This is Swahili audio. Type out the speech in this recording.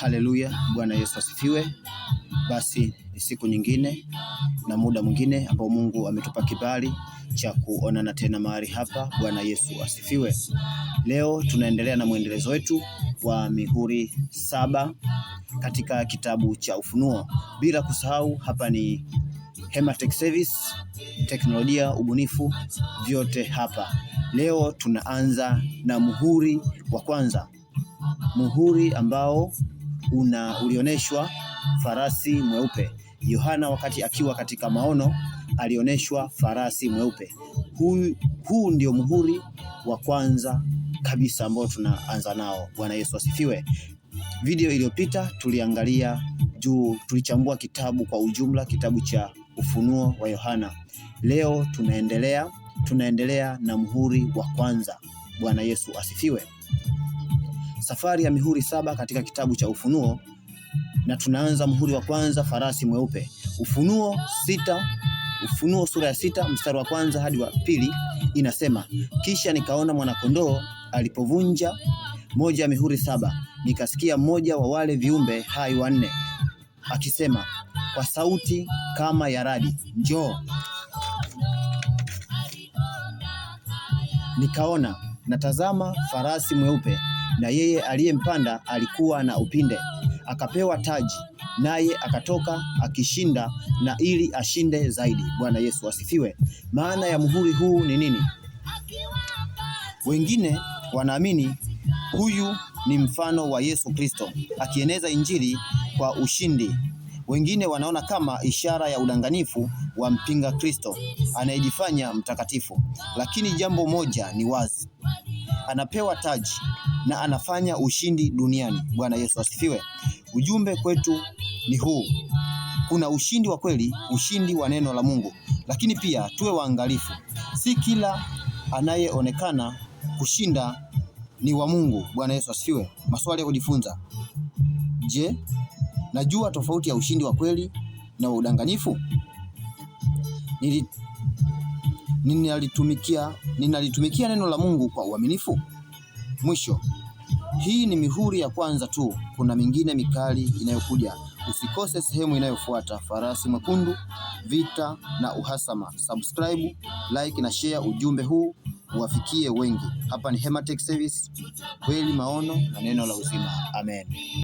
Haleluya, Bwana Yesu asifiwe. Basi ni siku nyingine na muda mwingine ambao Mungu ametupa kibali cha kuonana tena mahali hapa. Bwana Yesu asifiwe. Leo tunaendelea na mwendelezo wetu wa mihuri saba katika kitabu cha Ufunuo, bila kusahau hapa ni Hema Tech Service, teknolojia, ubunifu, vyote hapa. Leo tunaanza na muhuri wa kwanza, muhuri ambao una ulioneshwa farasi mweupe. Yohana wakati akiwa katika maono alioneshwa farasi mweupe. Huu, huu ndio muhuri wa kwanza kabisa ambao tunaanza nao. Bwana Yesu asifiwe. Video iliyopita tuliangalia juu, tulichambua kitabu kwa ujumla, kitabu cha Ufunuo wa Yohana. Leo tunaendelea tunaendelea na muhuri wa kwanza. Bwana Yesu asifiwe safari ya mihuri saba katika kitabu cha Ufunuo, na tunaanza mhuri wa kwanza, farasi mweupe. Ufunuo sita, Ufunuo sura ya sita mstari wa kwanza hadi wa pili inasema, kisha nikaona mwanakondoo alipovunja moja ya mihuri saba, nikasikia mmoja wa wale viumbe hai wanne akisema kwa sauti kama ya radi, njoo. Nikaona natazama farasi mweupe na yeye aliyempanda alikuwa na upinde, akapewa taji, naye akatoka akishinda, na ili ashinde zaidi. Bwana Yesu asifiwe. Maana ya muhuri huu ni nini? Wengine wanaamini huyu ni mfano wa Yesu Kristo akieneza injili kwa ushindi. Wengine wanaona kama ishara ya udanganyifu wa mpinga Kristo anayejifanya mtakatifu. Lakini jambo moja ni wazi, anapewa taji na anafanya ushindi duniani. Bwana Yesu asifiwe. Ujumbe kwetu ni huu, kuna ushindi wa kweli, ushindi wa neno la Mungu, lakini pia tuwe waangalifu, si kila anayeonekana kushinda ni wa Mungu. Bwana Yesu asifiwe. Maswali ya kujifunza: Je, najua tofauti ya ushindi wa kweli na wa udanganyifu? Nili ninalitumikia ninalitumikia neno la Mungu kwa uaminifu? Mwisho, hii ni mihuri ya kwanza tu, kuna mingine mikali inayokuja. Usikose sehemu inayofuata: Farasi Mwekundu, Vita na Uhasama. Subscribe, like na share ujumbe huu uwafikie wengi. Hapa ni Hematech Service, kweli maono na neno la uzima. Amen.